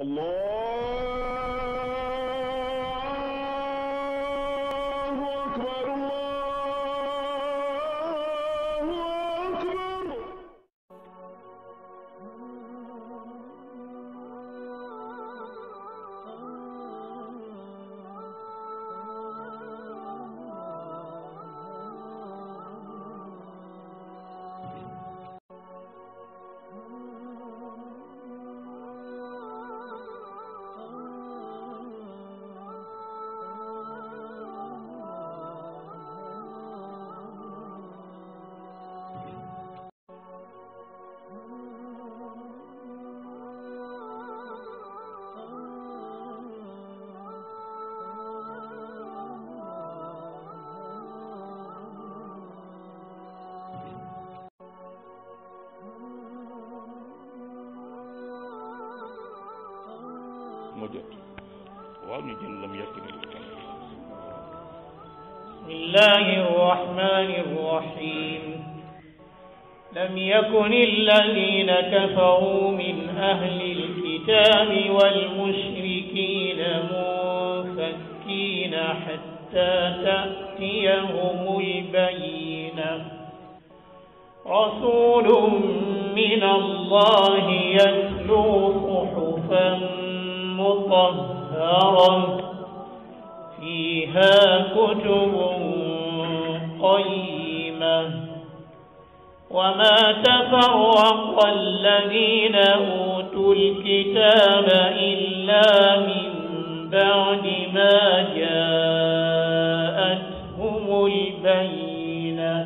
Allah ma jot waaw ñu jël lam بسم الله الرحمن الرحيم لم يكن الذين كفروا من أهل الكتاب والمشركين منفكين حتى تأتيهم البينه رسول من الله يتلو صحفا مطهرة فيها كتب قيمة وما تفرق الذين أوتوا الكتاب إلا من بعد ما جاءتهم البينة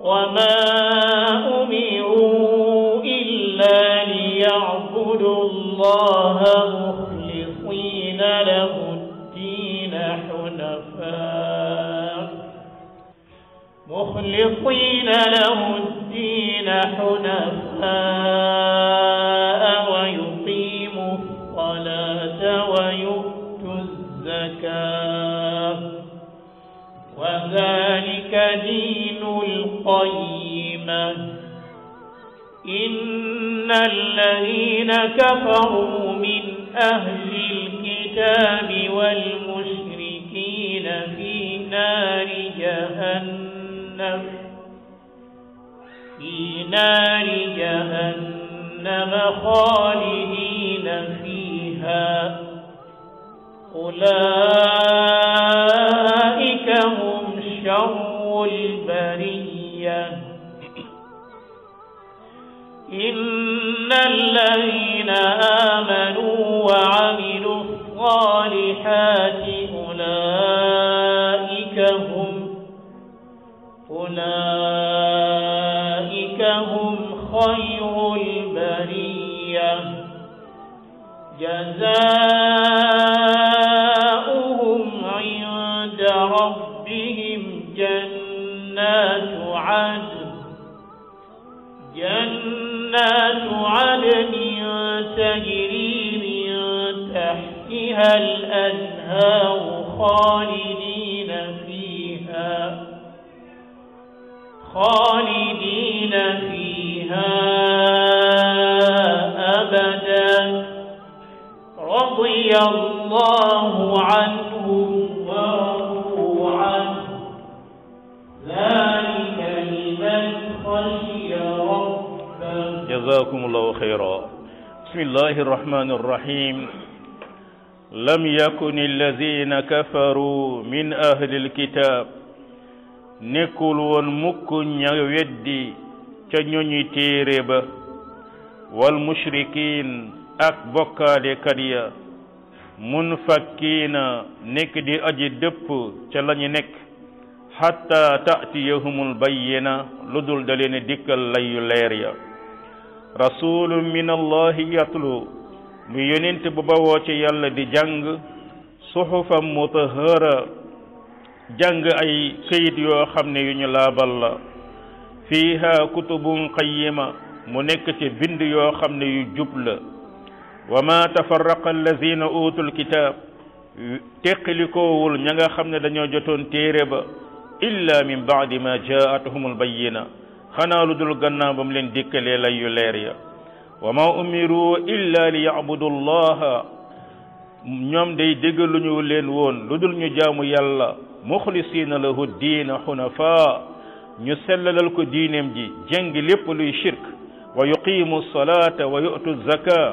وما مخلصين له الدين حنفاء ويقيموا الصلاة ويؤتوا الزكاة وذلك دين القيمة إن الذين كفروا من أهل الكتاب والكتاب في نار جهنم خالدين فيها أولئك هم شر البرية إن الذين آمنوا وعملوا الصالحات أولئك هم أولئك جزاؤهم عند ربهم جنات عدن جنات عدن تجري من تحتها الأنهار خالدين فيها خالدين فيها رضي الله عنهم ورضوا عنه ذلك لمن خشي ربه جزاكم الله خيرا بسم الله الرحمن الرحيم لم يكن الذين كفروا من أهل الكتاب نكل woon يدي ña weddi والمشركين ñoñi téere munfakkiina nekk di aj dëpp ca la ñu nekk xatta taatiyahumul bayyina lu dul da leen dikkal layu leer ya rasulu min allahi yatlu mu yonent bu bawoo ci yàlla di jàng suxufam mutahara jàng ay këyit yoo xam ne yu ñu laabal la fiiha kutubun qayima mu nekk ci bind yoo xam ne yu jubla وما تفرق الذين أوتوا الكتاب تقلكوول نيغا خامني دانيو جوتون تيريبا إلا من بعد ما جاءتهم البينة خنا لودول غنا بام لين ديكالي لا يو ليريا وما أمروا إلا ليعبدوا الله نيوم داي ديغلو نيو لين وون لودول نيو جامو يالا مخلصين له الدين حنفاء نيو سلال كو دينم جي جينغ ليپ لوي شرك ويقيم الصلاة ويؤتوا الزكاه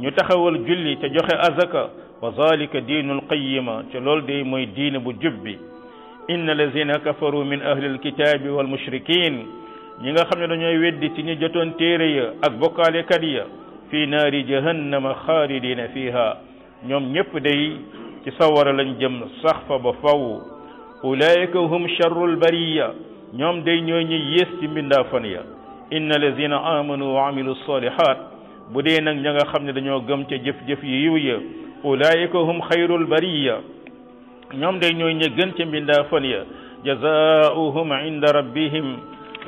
ñu taxawal julli te joxe azaka wa zalika diinul qayima te loolu day mooy diine bu jub bi inna lazina kafaru min ahli alkitabi wal mushrikin ñi nga xam ne dañooy weddi ci ñi jotoon téere ya ak bokkaalekat ya fi naari jahannama xaalidina fiha ñoom ñépp day ci sawara lañ jëm sax fa ba faw ulaika hum charrul bariya ñoom day ñooy ñi yées ci mbindaafan ya inna lazina amanu wa amilu salihat bu dee nag ña nga xam ne dañoo gëm ca jëf jëf yi yiw ya ulaayika hum xayrul bariya ñoom day ñooy ña gën ca mbindaa fan ya jazaauhum inda rabbihim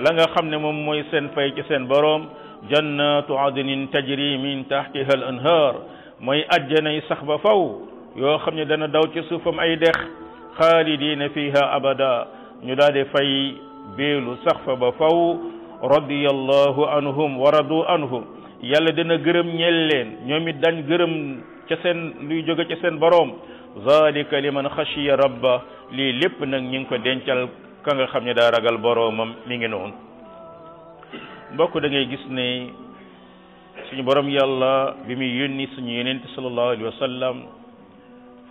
la nga xam ne moom mooy seen fay ci seen boroom jannatu adnin tajri min tahtiha al anhar mooy ajjanay sax ba faw yoo xam ne dana daw ci suufam ay dex xaalidina fiha abada ñu daal di fay beelu sax fa ba faw radiallahu anhum wa radu anhum yàlla dana gërëm ñeel leen ñoom it dañ gërëm ca seen luy jóge ca seen boroom zalika liman xashiya rabba lii lépp nag ñi ngi ko dencal ka nga xam ne daa ragal boroomam mi ngi noonu bokk da gis ni suñu boroom yàlla bi muy yónni suñu yonent sallallahu alayhi wa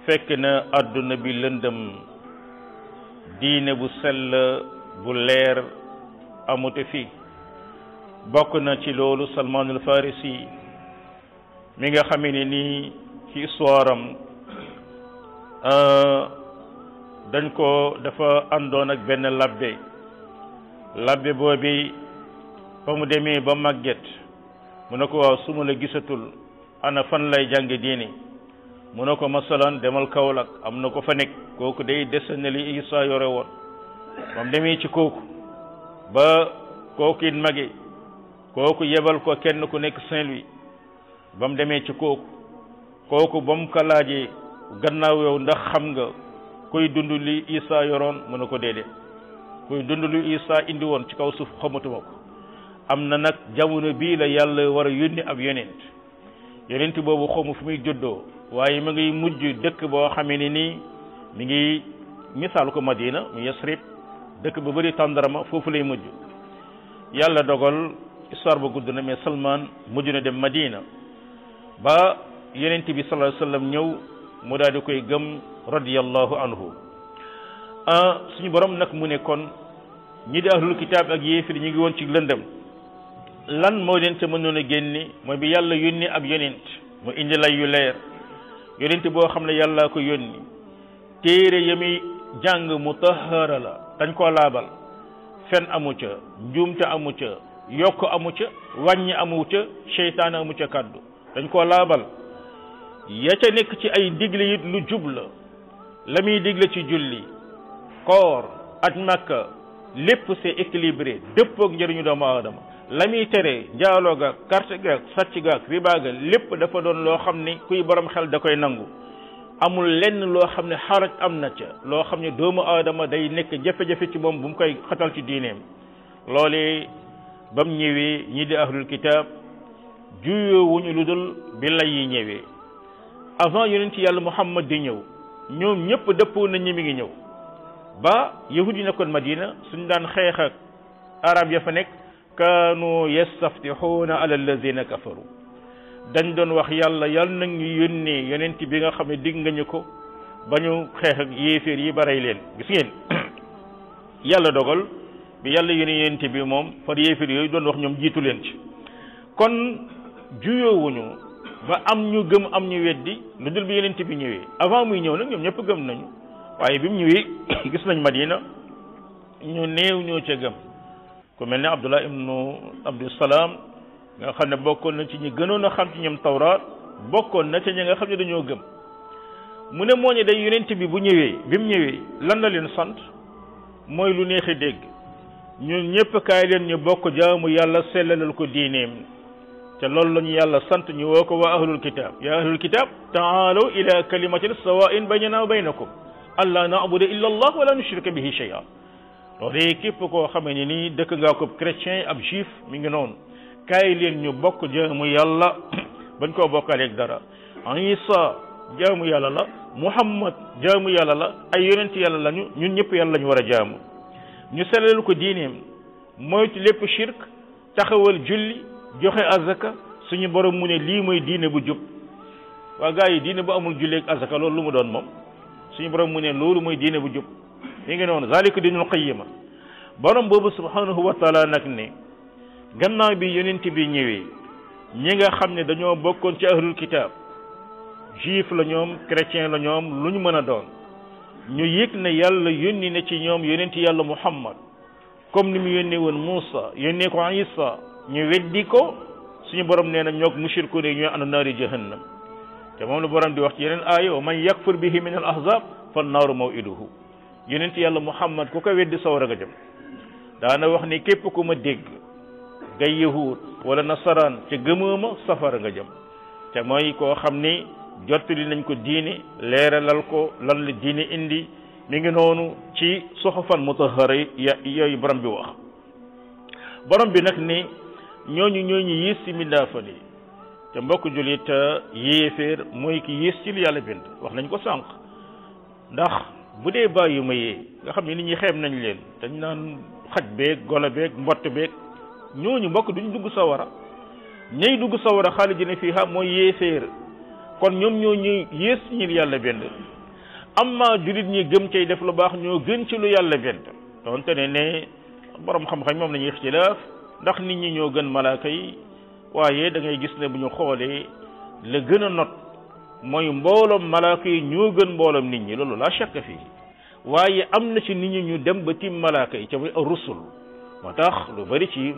fekk na àdduna bi lëndëm diine bu sell bu leer amute fii bokk na ci loolu Salman al Farisi mi nga xamee ne nii ci histoire am euh, dañ ko dafa àndoon ak benn labbe labbe boobi ba mu demee ba màgget mu ne ko waaw su la gisatul ana fan lay jàng diine mu ne ko masalan demal Kaolack am na ko fa nekk kooku day desene li Isa yore woon moom demee ci kooku ba kooku it kooku yebal ko kenn ku nekk Saint-Louis ba mu demee ci kooku kooku ba mu ko gannaaw yow ndax xam nga kuy dund li Isa yoroon mën na ko déedéet kuy dund li Isa indi woon ci kaw suuf xamatuma ko am na nag jamono bii la yàlla war a yónni ab yonent yonent boobu xawma fu muy juddoo waaye mu ngiy mujj dëkk boo xamee ni nii mi ngi misaal ko Madina mu Yasrib dëkk ba bëri tàndarama foofu lay mujj yàlla dogal histoire ba gudd na mais Salman mujj na dem Madina ba yonent bi sallallahu alayhi ñëw mu daal di koy gëm radiyallahu anhu ah, suñu borom nag mu ne kon ñi di ahlul kitaab ak yéefir ñu ngi woon ci lëndëm lan moo leen ca mënoon a génni mooy bi yàlla yónni ab yonent mu indi lay yu leer yonent boo xam ne yàllaa ko yónni téere ya muy jàng mu tahara la dañ koo laabal fen amu ca njuumte amu ca yokk amu ca wàññi amu ca seytaane amu ca kàddu dañ koo laabal ya ca nekk ci ay digle it lu jub la la muy digle ci julli koor aj makka lépp c'est équilibré dëppook njëriñu doomu aadama la muy tere njaaloo ga carte ga sàcc ga riba ga lépp dafa doon loo xam ni kuy boroom xel da koy nangu amul lenn loo xam ne xaraj am na ca loo xam ne doomu aadama day nekk jafe-jafe ci moom bu mu koy xatal ci diineem loolu ba mu ñëwee ñii di ahlul kitaab juyoo wuñu lu dul bi lay yi ñëwee avant yonent yàlla muhammad di ñëw ñoom ñëpp dëppoon nañ ñi mi ngi ñëw ba yahud yi nekkoon madina suñ daan xeex ak arab ya fa nekk kaanu yastaftixuuna ala allazina kafaru dañ doon wax yàlla yàlla nag ñu yónnee yonent bi nga xam ne digg nga ñu ko ba ñu xeex ak yéeféer yi ba leen gis ngeen yàlla dogal bi yàlla yu ne bi moom far yéefir yooyu doon wax ñoom jiitu leen ci kon juyoowuñu ba am ñu gëm am ñu weddi lu dul bi yonent bi ñëwee avant muy ñëw nag ñoom ñëpp gëm nañu waaye bi mu ñëwee gis nañ Madina ñu néew ñoo ca gëm ku mel ne Abdullah ibnu Abdusalaam nga xam ne bokkoon na ci ñi gënoon a xam ci ñoom tawraat bokkoon na ca ñi nga xam ne dañoo gëm mu ne moo ñu day yonent bi bu ñëwee bi mu ñëwee lan la leen sant mooy lu neexee dégg ñun ñëpp kay leen ñu bokk jaamu yàlla sellalal ko diineem te loolu la ñu yàlla sant ñu woo ko waa ahlul kitab ya ahlul kitab taalaw ila kalimatin sawain baynana wa baynakum alla nabudu illa allah wala nushrika bihi shay'a loolu képp koo xamee ni nii dëkk nga ko chrétien ab juif mi ngi noonu kay leen ñu bokk jaamu yàlla bañ koo bokkaaleeg dara isa jaamu yàlla la muhammad jaamu yàlla la ay yonent yàlla lañu ñun ñëpp yàlla lañu war a jaamu ñu sellal ko diineem moytu lépp shirk taxawal julli joxe azaka suñu borom mu ne lii mooy diine bu jub waa gars yi diine bu amul julleeg azaka loolu lu mu doon moom suñu borom mu ne loolu mooy diine bu jub mi ngi noonu zalika dinul qayyima borom boobu subhanahu wa taala nag ne gannaaw bi yonent bi ñëwee ñi nga xam ne dañoo bokkoon ci ahlul kitab juif la ñoom chrétien la ñoom lu ñu mën a doon ñu yëg ne yàlla yónni na ci ñoom yonent yàlla muhammad comme ni mu yónnee woon Muusa yónnee ko Isa ñu weddi ko suñu borom nee na ñoog mushrikuun yi ñooy ànd naari jahannam te moom la borom di wax ci yeneen aaya wa man yakfur bihi min al ahzab fa naaru mawiduhu yonent yàlla muhammad ku ko weddi sawara nga jëm daana wax ni képp ku ma dégg nga yahud wala nasaraan ca gëmoo ma safara nga jëm te mooy koo xam ni jottali nañ ko diine leeralal ko lan la diine indi mi ngi noonu ci soxofan mutahara ya yooyu borom bi wax borom bi nag ni ñooñu ñooñu yiis ci mindaafa te mbokk jullit yéeféer mooy ki yiis ci li yàlla bind wax nañ ko sànq ndax bu dee bàyyi yu ma yee nga xam ne nit ñi xeeb nañ leen dañ naan xaj beeg golo beeg mbott beeg ñooñu mbokk duñ dugg sawara ñay dugg sawara xaalidina fiiha mooy yéeféer kon ñoom ñoo ñuy yées ñi yàlla bind amma jullit ñi gëm cay def lu baax ñoo gën ci lu yàlla bind donte ne ne boroom xam-xam moom la ixtilaaf ndax nit ñi ñoo gën malaaka yi waaye dangay gis ne bu ñu xoolee la gën a not mooy mbooloom malaaka yi ñoo gën mbooloom nit ñi loolu laa shakk fii waaye am na ci nit ñi ñu dem ba tim malaaka yi ca muy rusul moo tax lu bari ci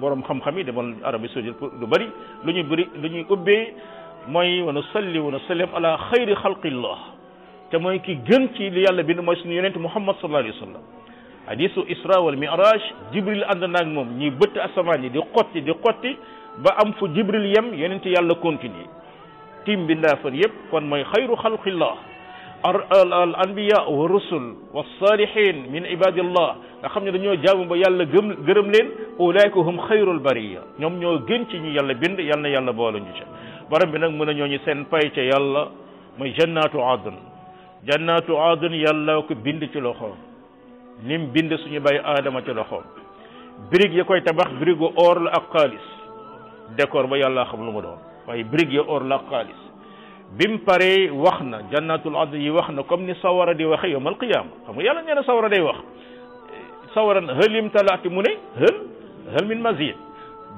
borom xam-xam yi demal Arabie Saoudite lu bari lu ñu bëri lu ñuy ubbee moy wa nusalli wa nusallim ala xayri xalqillah te moy ki gën ci li yàlla bind moy suñu yonent muhammad sallallahu alayhi wasallam hadithu isra wal miraj jibril ànd nak mom ñi bëtt asaman yi di xoti di xoti ba am fu jibril yam yonent yàlla continue tim bindaa fan yeb kon moy khayru mooy al anbiya wa rusul wa salihin min ibadillah nga xamne dañu jaamu ba yalla gëm gërem leen ulaika hum bariya ñom ñoo gën ci ñi yalla bind yalla yalla boole ñu ci borom bi nag mu ne ñooñu seen fay ca yàlla mooy jannaatu adun jannaatu adun yàlla ko bind ci loxoom nim bind suñu bay aadama ci loxoom birig ya koy tabax birigu or la ak xaalis décor ba yàlla xam lu mu doon waaye birig ya or la ak xaalis bim paree wax na jannatul adn yi wax na comme ni sawara di waxe yowmal qiyama xam nga yàlla nee na sawara day wax sawara hël yim talaati mu ne hël hël min mazid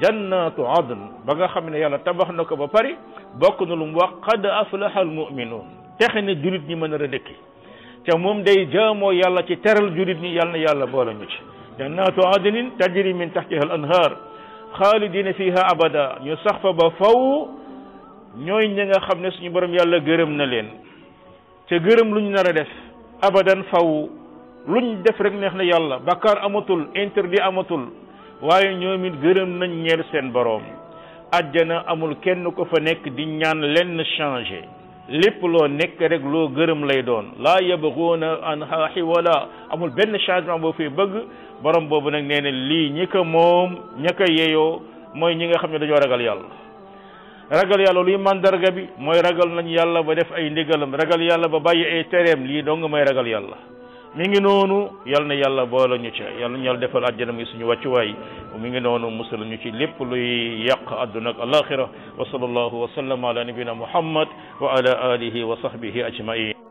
jannatu adn ba nga xam ne yàlla tabax na ko ba pare bokk na lu mu wax qad aflaha al muminuun texe na julit ñi mën a rëdëkki te moom day jaamoo yàlla ci teral julit ñi yàlla na yàlla boole ñu ci jannatu adnin tajri min tahtiha al anhar xaalidina fiha abada ñu sax fa ba faw ñooy ñi nga xam ne suñu borom yàlla gërëm na leen te gërëm lu ñu nar a def abadan faw luñ def rek neex na yàlla bakkaar amatul interdit amatul waaye ñoom it gërëm nañ ñeel seen boroom àjjana amul kenn ko fa nekk di ñaan lenn changé lépp loo nekk rek loo gërëm lay doon laa yabghuuna anhaa hiwala amul benn changement boo fay bëgg borom boobu nag nee lii ñi ko moom ña ko yeyoo mooy ñi nga xam ne dañoo ragal yàlla ragal yàlla luy màndarga bi mooy ragal nañ yàlla ba def ay ndigalam ragal yàlla ba bàyyi ay tereem lii dong mooy ragal yàlla mi ngi noonu yal na yàlla boole ñu ci yàlla ñal defal àjjana mi suñu wàccu waay mi ngi noonu musal ñu ci lépp luy yàq àdduna ak alaxira wa sal allahu wa sallam ala nabina muhammad wa ala alihi wa sahbihi ajmain